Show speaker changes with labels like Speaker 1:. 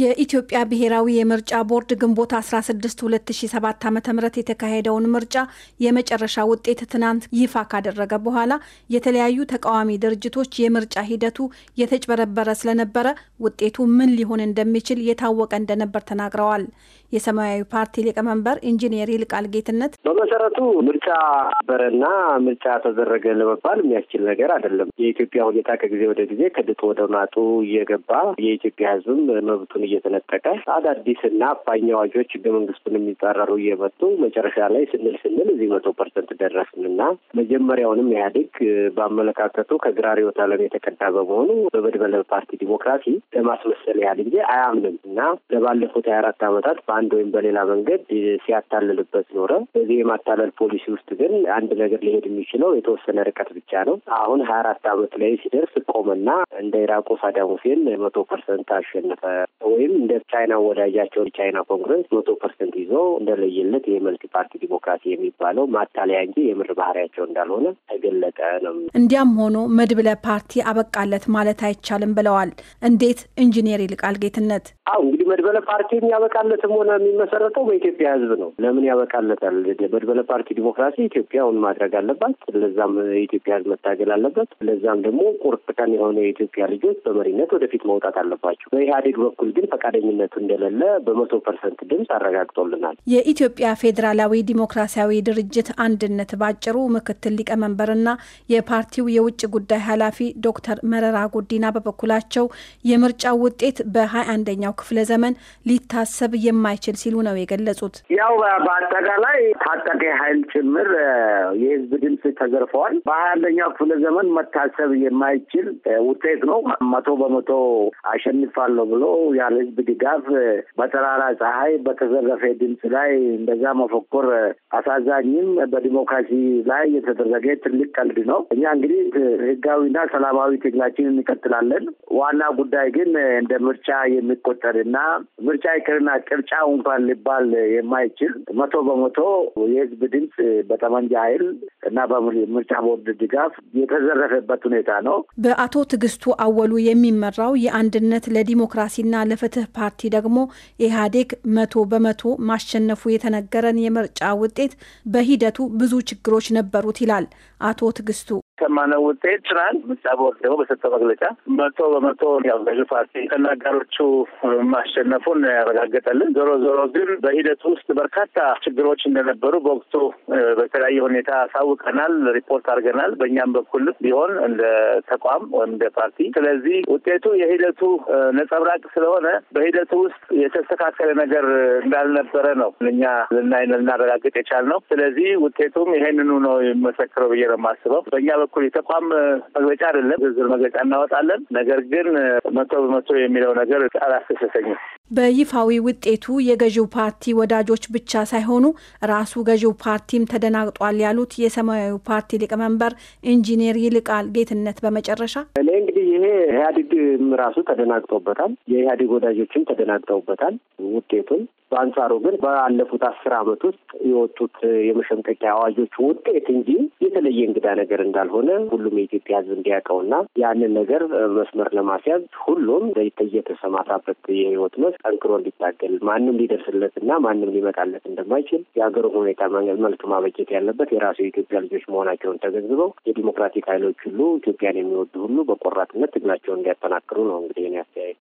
Speaker 1: የኢትዮጵያ ብሔራዊ የምርጫ ቦርድ ግንቦት 16 2007 ዓ ም የተካሄደውን ምርጫ የመጨረሻ ውጤት ትናንት ይፋ ካደረገ በኋላ የተለያዩ ተቃዋሚ ድርጅቶች የምርጫ ሂደቱ የተጭበረበረ ስለነበረ ውጤቱ ምን ሊሆን እንደሚችል የታወቀ እንደነበር ተናግረዋል። የሰማያዊ ፓርቲ ሊቀመንበር ኢንጂነር ይልቃል ጌትነት
Speaker 2: በመሰረቱ ምርጫ
Speaker 3: በረና ምርጫ ተደረገ ለመባል የሚያስችል ነገር አይደለም። የኢትዮጵያ ሁኔታ ከጊዜ ወደ ጊዜ ከድጡ ወደ ማጡ እየገባ የኢትዮጵያ ህዝብም መብቱ ስልጣኑን እየተነጠቀ አዳዲስና አፋኝ አዋጆች ህገ መንግስቱን የሚጻረሩ እየመጡ መጨረሻ ላይ ስንል ስንል እዚህ መቶ ፐርሰንት ደረስን ደረስንና መጀመሪያውንም ኢህአዴግ በአመለካከቱ ከግራ ርዕዮተ ዓለም የተቀዳ በመሆኑ በመድበለ ፓርቲ ዲሞክራሲ ለማስመሰል ያህል እንጂ አያምንም እና ለባለፉት ሀያ አራት ዓመታት በአንድ ወይም በሌላ መንገድ ሲያታልልበት ኖረ። በዚህ የማታለል ፖሊሲ ውስጥ ግን አንድ ነገር ሊሄድ የሚችለው የተወሰነ ርቀት ብቻ ነው። አሁን ሀያ አራት ዓመት ላይ ሲደርስ ቆመና እንደ ኢራቁ ሳዳም ሁሴን መቶ ፐርሰንት አሸነፈ ወይም እንደ ቻይና ወዳጃቸው ቻይና ኮንግረስ መቶ ፐርሰንት ይዞ እንደለየለት ይህ ፓርቲ ዲሞክራሲ የሚባለው ማታለያ እንጂ የምር ባህሪያቸው እንዳልሆነ ተገለጠ ነው።
Speaker 1: እንዲያም ሆኖ መድብለ ፓርቲ አበቃለት ማለት አይቻልም ብለዋል። እንዴት ኢንጂነር ይልቃል ጌትነት?
Speaker 3: አዎ እንግዲህ መድበለ ፓርቲ የሚያበቃለትም ሆነ የሚመሰረተው በኢትዮጵያ ህዝብ ነው። ለምን ያበቃለታል? መድበለ ፓርቲ ዲሞክራሲ ኢትዮጵያውን ማድረግ አለባት። ለዛም የኢትዮጵያ ህዝብ መታገል አለበት። ለዛም ደግሞ ቁርጥ ቀን የሆነ የኢትዮጵያ ልጆች በመሪነት ወደፊት መውጣት አለባቸው። በኢህአዴግ በኩል ግን ፈቃደኝነቱ እንደሌለ በመቶ ፐርሰንት ድምፅ አረጋግጦልናል።
Speaker 1: የኢትዮጵያ ፌዴራላዊ ዲሞክራሲያዊ ድርጅት አንድነት ባጭሩ ምክትል ሊቀመንበርና የፓርቲው የውጭ ጉዳይ ኃላፊ ዶክተር መረራ ጉዲና በበኩላቸው የምርጫው ውጤት በሀያ አንደኛው ክፍለ ዘመን ሊታሰብ የማይችል ሲሉ ነው የገለጹት።
Speaker 2: ያው በአጠቃላይ
Speaker 3: ታጠቀ ኃይል ጭምር ድምፅ ተዘርፈዋል። በሀያ አንደኛው ክፍለ ዘመን መታሰብ የማይችል ውጤት ነው። መቶ በመቶ አሸንፋለሁ ብሎ ያለ ህዝብ ድጋፍ በጠራራ ፀሐይ በተዘረፈ ድምፅ ላይ እንደዛ መፎኮር አሳዛኝም በዲሞክራሲ ላይ የተደረገ ትልቅ ቀልድ ነው። እኛ እንግዲህ ህጋዊና ሰላማዊ ትግላችን እንቀጥላለን። ዋና ጉዳይ ግን እንደ ምርጫ የሚቆጠርና ምርጫ ይቅርና ቅርጫ እንኳን ሊባል የማይችል መቶ በመቶ የህዝብ ድምፅ በጠመንጃ ኃይል እና በምርጫ ቦርድ ድጋፍ የተዘረፈበት ሁኔታ ነው።
Speaker 1: በአቶ ትዕግስቱ አወሉ የሚመራው የአንድነት ለዲሞክራሲና ለፍትህ ፓርቲ ደግሞ ኢህአዴግ መቶ በመቶ ማሸነፉ የተነገረን የምርጫ ውጤት በሂደቱ ብዙ ችግሮች ነበሩት ይላል አቶ ትዕግስቱ።
Speaker 2: ያሰማነው ውጤት ትናንት ምርጫ ቦርድ ደግሞ በሰጠው መግለጫ መቶ በመቶ ያው ገዢው ፓርቲ ማሸነፉን ያረጋገጠልን። ዞሮ ዞሮ ግን በሂደቱ ውስጥ በርካታ ችግሮች እንደነበሩ በወቅቱ በተለያየ ሁኔታ አሳውቀናል፣ ሪፖርት አድርገናል። በእኛም በኩል ቢሆን እንደ ተቋም ወይም እንደ ፓርቲ። ስለዚህ ውጤቱ የሂደቱ ነጸብራቅ ስለሆነ በሂደቱ ውስጥ የተስተካከለ ነገር እንዳልነበረ ነው እኛ ልናይ ልናረጋግጥ የቻልነው። ስለዚህ ውጤቱም ይሄንኑ ነው የሚመሰክረው ብዬ ነው የማስበው በእኛ በኩል የተቋም መግለጫ አይደለም፣ ዝርዝር መግለጫ እናወጣለን። ነገር ግን መቶ በመቶ የሚለው ነገር አላስደሰተኝም።
Speaker 1: በይፋዊ ውጤቱ የገዢው ፓርቲ ወዳጆች ብቻ ሳይሆኑ ራሱ ገዢው ፓርቲም ተደናግጧል ያሉት የሰማያዊ ፓርቲ ሊቀመንበር ኢንጂኔር ይልቃል ጌትነት
Speaker 3: በመጨረሻ እኔ ይሄ ኢህአዴግም ራሱ ተደናግጦበታል። የኢህአዴግ ወዳጆችም ተደናግጠውበታል ውጤቱን። በአንጻሩ ግን ባለፉት አስር ዓመት ውስጥ የወጡት የመሸምቀቂያ አዋጆች ውጤት እንጂ የተለየ እንግዳ ነገር እንዳልሆነ ሁሉም የኢትዮጵያ ሕዝብ እንዲያውቀውና ያንን ነገር መስመር ለማስያዝ ሁሉም እየተሰማራበት የህይወት መስክ ጠንክሮ እንዲታገል ማንም እና ማንም ሊመጣለት እንደማይችል የሀገሩ ሁኔታ መልክ ማበጀት ያለበት የራሱ የኢትዮጵያ ልጆች መሆናቸውን ተገንዝበው የዲሞክራቲክ ኃይሎች ሁሉ ኢትዮጵያን የሚወዱ ሁሉ በቆራጥ በዋናነት ትግላቸውን እንዲያጠናክሩ ነው እንግዲህ የኔ አስተያየት።